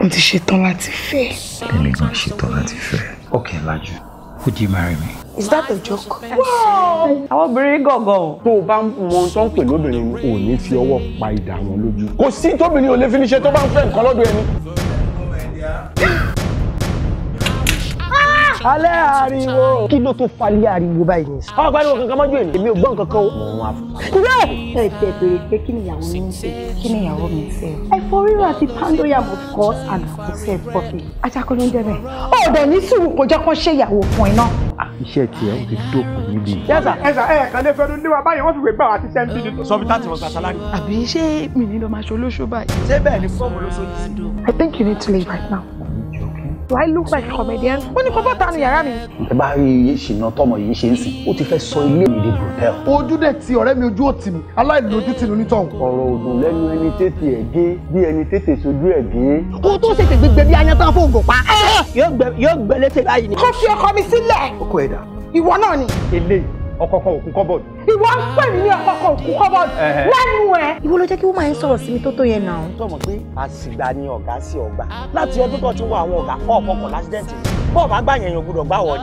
mo ti ṣetán láti fẹ́. èmi gan ṣetán láti fẹ́. okay Lájú would you marry me. is that a joke. àwọn obìnrin gọ̀ọ̀gàn. tó o bá mọ tó ń pè lóbìnrin ò ní fi ọwọ́ pa ìdá lójú. kò sí tóbìnrin ò lè fi ní ṣe tó bá ń fẹ́ nǹkan lọ́dọ̀ ẹni alẹ́ ariwo. kí ló tó falẹ̀ ariwo báyìí ni. ọ gbàdúrà kankan mọ́jú èmi èmi ò gbọ́ nǹkan o. mo ń wá fún un. ẹ ẹ bẹ̀rẹ̀ pé kí ni ìyàwó mi ń kí ni ìyàwó mi ń ẹ̀fọ́ rírò àti pandoyam of course and àkọsẹ́ pọ́kì. ajakọ ló ń jẹ bẹ́ẹ̀. dẹ̀ ní sùúrù kò jẹ́ kó ṣe ìyàwó fún iná. Ah, iṣẹ́ tiẹ̀ ó ti dókun níbi. yẹ́sà ẹ̀sà ẹ̀ kan lè fẹ́nu I think you need to leave right now do I look like a comedian? ó ní kó bọ́ ta ni yàrá mi. ẹ bá rí iye ṣìnà tọmọ yìí ṣe ń sìn ó ti fẹ́ sọ ilé mi di brothel. ojú dẹ̀ ti ọ̀rẹ́ mi ojú òtì mi aláìlójú tì ní tọ̀hún. ọ̀rọ̀ òdùn lẹ́nu ẹni tètè ẹ̀ gé bí ẹni tètè sojú ẹ̀ gé. kó tó ṣètè gbégbé bí ayán tán fún ògùn pa. yóò gbẹ létè báyìí ni. kó fi ọkọ mi sílẹ̀. ọkọ ẹ̀dá. ìwọ náà ni. eléyìí ọkọ̀ọ̀kan òkú cupboard. ìwọ ń pè mí ní ọkọ̀ọ̀kan òkú cupboard lẹ́nu ẹ̀. ìwọ ló jẹ́ kí woman sọ̀rọ̀ sí mi tó tó yẹn náà. sọ̀mọ̀ pé àsìgbà ni ọ̀gá sí ọgbà láti ọdún kan tí wọ́n àwọn ọ̀gá kọ́ ọ̀kọ̀ọ̀kan lásìdẹ̀ntì bọ́ọ̀ bá gbà yẹn yàn gbà wọ̀